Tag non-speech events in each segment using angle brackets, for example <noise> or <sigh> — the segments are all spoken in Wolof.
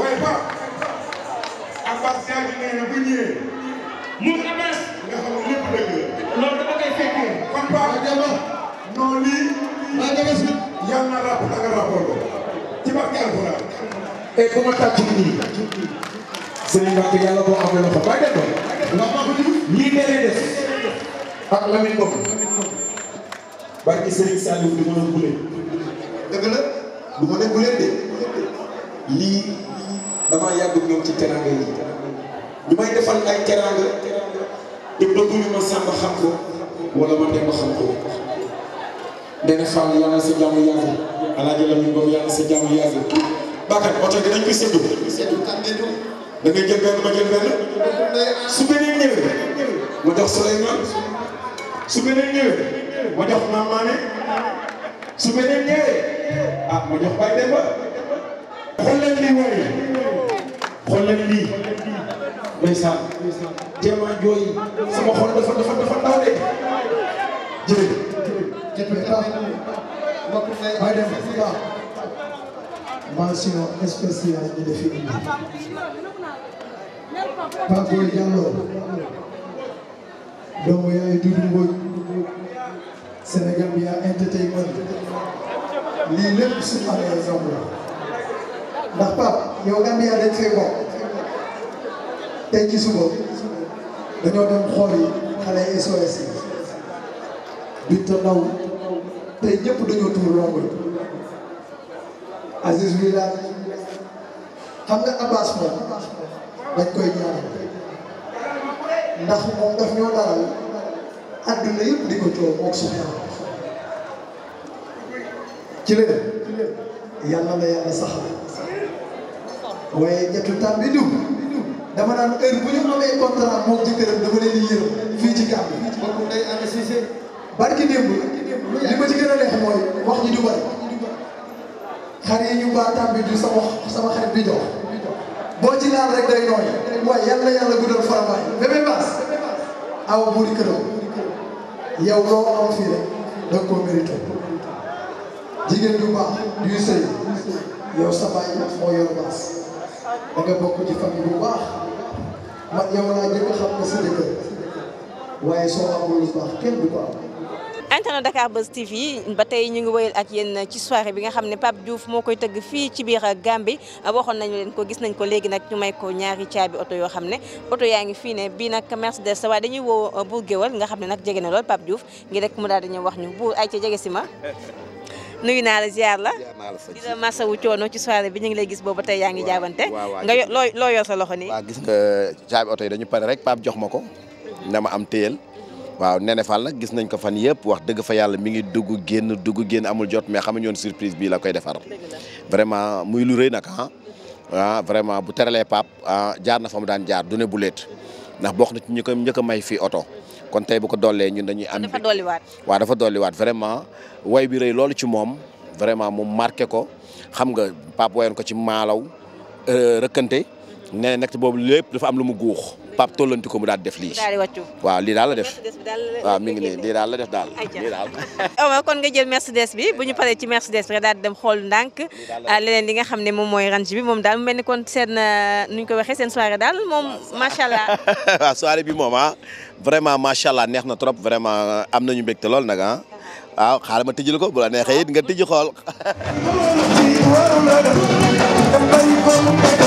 waaye Pape Abbas Diagne nee na bu ñëwee. mu ngi Abbas. nga xam ne lépp dëgg la. loolu dama koy fekkee. kon Pape Diagne non lii. maa ngi si. yàlla na ràpp nga ràppoon ko. ci barke Alxuraan. et eh, ku ma tàcc nii. Sëriñ Mbacke boo xam ne loxo bàyyi leen ko. ndax maa ko dugg. lii dalee def. ak Lamine Ngom. barke Sëriñ Saliou di mën a bële. dëgg la du ma de lii. xam ko wala ma dem xam ko dene Fall yàlla na sa jàmm yàgg alaaji Lamine boobu yàlla oto dinañ koy séddu da ngay jël benn ma jël benn su ma jox Souleymane ma jox Mamane su beneen ah ma jox Baye Demba xool leen lii wari xool leen lii ndeysaan téeméer jooy sama xol dafa dafa dafa ndaw de jërëjëf jërëjëf bay dem waaw mention spéciale ñu def indi Pape Boy Diallo doomu yaay Doudou Mbodj Sénégal bi yaa entertainment lii lépp suñu amee exemple la ndax Pape yow Gambia dañ fee bokk tey ci suba dañoo dem xool yi xale yi SOS yi Binta Ndaw tey ñëpp tuur longo yi Aziz wi daal xam nga Abbas moom dañ koy ñaanal ndax moom daf ñoo dalal àdduna yëpp di ko mook soxna ci leen yàlla la yàlla saxal waaye ñettu tàmbi diw dama naan heure bu ñu amee contrat moom jëkkëram dama leen di yërëm fii ci gàmm bokku day am sise barki li ma ci gën a neex mooy wax ji du bari xar yi ñu boo am fii rek da ko jigéen ju baax du sëy yow sa baay moo yor baas da nga bokk ci famille bu baax man yow laa internet Dakar Buzz TV ba tey ñu ngi wéyal ak yéen ci soirée bi nga xam ne Pape Diouf moo koy tëgg fii ci biir Gambie waxoon nañu leen ko gis nañ ko léegi nag ñu may ko ñaari caabi oto yoo xam ne oto yaa ngi fii ne bii nag Mercedes waaye dañuy woo Buur Géwal nga xam ne nag jege na lool Pape Diouf ngi rek mu daal di ñëw wax ñu buur ay ca jege si ma. nu nuyu naa la ziar la di la masawu coono ci soirée bi ñu ngi lay gis boobu te yaa ngi jaabante nga yo loo loo sa loxo nii waaw gis nga caabi oto yi dañu pare rek Pape jox ma ko na am téyel waaw Néné Fall gis nañ ko fan yëpp wax dëgg fa yàlla mi ngi dugg génn dugg génn amul jot mais xamuñu ñoon surprise bii la koy defar vraiment muy lu rëy nag ah ah vraiment bu teralee Pape ah jaar na fa mu daan jaar du ne bu leet ndax bokk na ci ñi ko njëkk a may fii oto kon tey bu ko dollee ñun dañuy ànd dafa dolliwaat waaw dafa dolliwaat vraiment way bi rëy loolu ci moom vraiment mu marqué ko xam nga Pape wayoon ko ci maalaw euh, rëkkante ne nag boobu lépp dafa am lu mu guux Pape tollanti ko mu daal def lii. waaw lii daal la def. waaw mi ngi nii lii daal la def daal. lii daal <laughs> Omar oh, kon nga jël Mercedes bi bu ñu paree ci Mercedes bi daal dem xool ndànk ah, leneen li nga xam ne moom mooy range bi moom daal mu mel ni kon seen ah, nu ñu ko waxee seen soirée daal moom macha allah. <laughs> waaw bi moom ah vraiment macha allah neex na trop vraiment ah, am nañu mbégte lool nag ah. Uh-huh. waaw xaaral ma tijjil ko bu la neexee it nga tijji xool. <laughs>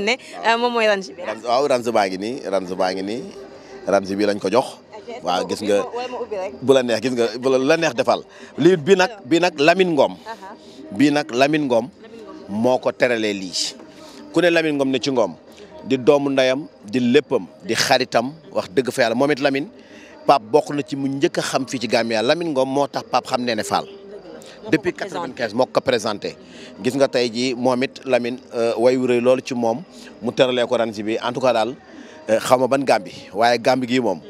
xam ne euh, range baa ngi nii range baa ngi nii range bi lañ ko jox. waaw gis nga bu la neex gis nga bu la neex defal lii bi nag bi nag Lamine Ngom. bii nag Lamine ngoom moo ko teralee lii ku ne Lamine ngoom ne ci ngoom di doomu ndeyam di léppam di xaritam wax dëgg fa yàlla moom it Lamine Pape bokk na ci mu njëkk xam fii ci Gambia Lamine Ngom moo tax Pape xam ne ne Fall. depuis 95 moo ko présenté gis nga tey jii moom it Lamine euh, way wu lool ci moom mu teralee ko range bi en tout cas daal euh, xaw ma ban gambi waaye gambi gii moom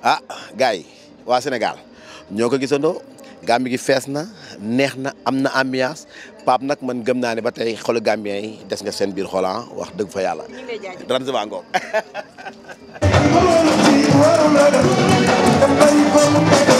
ah gars yi waa Sénégal ñoo ko gisandoo gambi gi fees na neex na am na ambiance Pape nag man gëm naa ne ba tey xolu gambien yi des nga seen biir xolan ah, wax dëgg fa yàlla ren si ngoog <laughs>